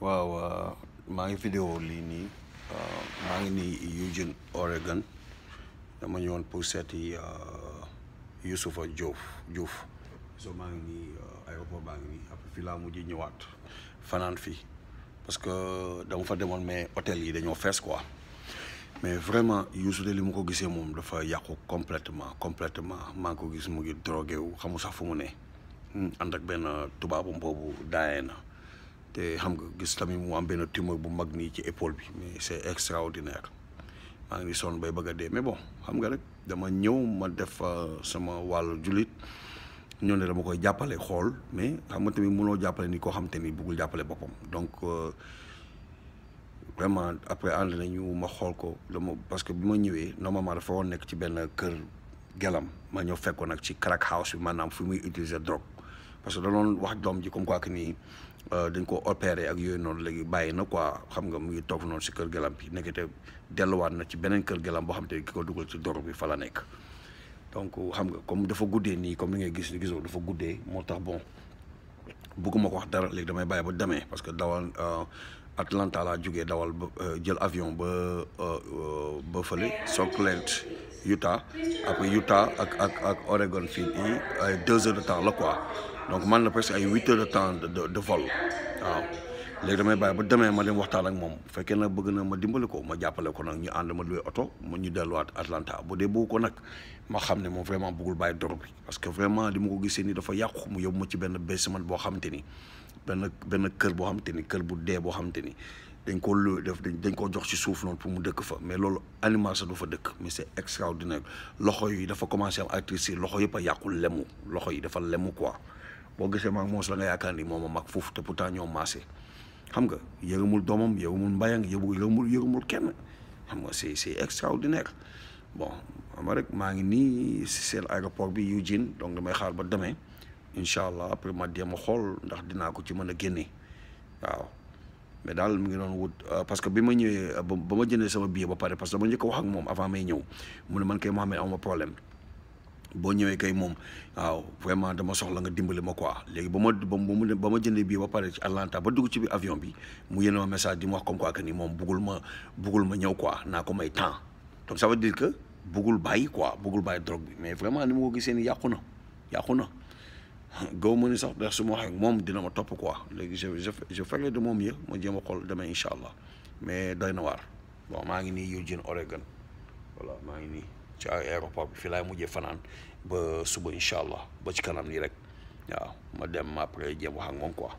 waaw maa ngi vidéo lii nii maa ngi nii Eugene Oregon dama ñëwoon pour seeti uh, Youssoufa Diouf Diouf so maa ngi nii uh, aéroport baa ngi nii après fii laa mujj ñëwaat fanaan fii parce que uh, dama fa demoon mais hôtel yi dañoo fees quoi mais vraiment Youssou de li mu ko gisee moom dafa yàqu completement completement maa ngi ko gis mu ngi drogué wu xamu sax fu mu ne hmm, ànd ak benn tubaabum boobu daayee na te xam nga gis tamit mu am benn tumeur bu mag nii ci épole bi mais c'est extraordinaire maa ngi sonn bay bëgg a dee mais bon xam nga rek dama ñëw ma def euh, sama wàll jullit ñoo ne dama koy jàppale xool mais xam nga tamit mënoo jàppale ni koo xam te ni bëggul jàppale boppam donc euh, vraiment après ànd nañu ma xool ko dama parce que bi ma ñëwee ma dafa woon nekk ci benn kër gelam ma ñëw fekkoon nag ci crack house bi maanaam fu muy utiliser drogue. parce que da doon wax doom ji comme quoi que ni dañ ko opérer ak yooyu noonu léegi bàyyi na quoi xam nga mu ngi toog noonu si kër gelam bi nekkite delluwaat na ci beneen kër gelam boo xam te ki ko dugal ci dor fa la nekk donc xam nga comme dafa guddee nii comme ni ngay gis gisoo dafa guddee moo tax bon bëgguma ko wax dara léegi damay bàyyi ba demee parce que dawal atlanta laa eh, jógee dawal ba jël avion ba eh, ba fële soclent utah après utah ak ak ak oregon fii nii eh, ay deux heures de temps la quoi donc man na presque ay huit heures de temps de de vol waaw léegi damay bàyyi ba demee ma leen waxtaan ak moom bu fekkee na bëgg na ma dimbali ko ma jàppale ko nag ñu ànd ma luwee oto mu ñu delluwaat Atlanta bu dee bëgg ko nag ma xam ne moom vraiment bëggul bàyyi dor bi parce que vraiment di ma ko gisee nii dafa yàqu mu yóbbu ma ci benn basement boo xamante ni benn benn kër boo xamante ni kër bu dee boo xamante ni dañ koo lu def dañ koo jox ci suuf noonu pour mu dëkk fa mais loolu animal sax du fa dëkk mais c'est loxo yi dafa commencé am actrice loxo yëpp a yàqu lemu loxo yi dafa lemu quoi boo gisee maag moos la nga yaakaar ni moom a mag foofu te pourtant ñoo maase xam nga yërëmul doomam yërëmul mbayang yërëmul yërëmul kenn xam nga si si extraordinaire bon xam nga rek maa ngi nii si seen aéroport bi Eugène donc damay xaal ba demee incha allah après ma jéem a xool ndax dinaa ko ci mën a génne waaw mais daal mu ngi doon wut euh, parce que bi ma ñëwee ba ma jëndee sama billet ba pare parce que dama njëkk a wax ak moom avant may ñëw mu ne man kay Mohamed amuma bonjour ñewé kay waaw vraiment dama soxla nga dimbali ma quoi ma Atlanta ba dugg ci avion bi mu message di comme quoi que ni mom ma bugul ma ñew quoi na may temps donc ça veut dire que bugul bàyyi quoi bugul bàyyi drogue bi mais vraiment ni ko ni yakuna na sax ma quoi je je je ferai de mon mieux mo demain inshallah mais doyna war bon ngi Eugene Oregon voilà ngi ci Europe bi fi lay mujjé fanan ba suba inshallah ba ci kanam ni rek ya ma dem après jëm wax ak mom quoi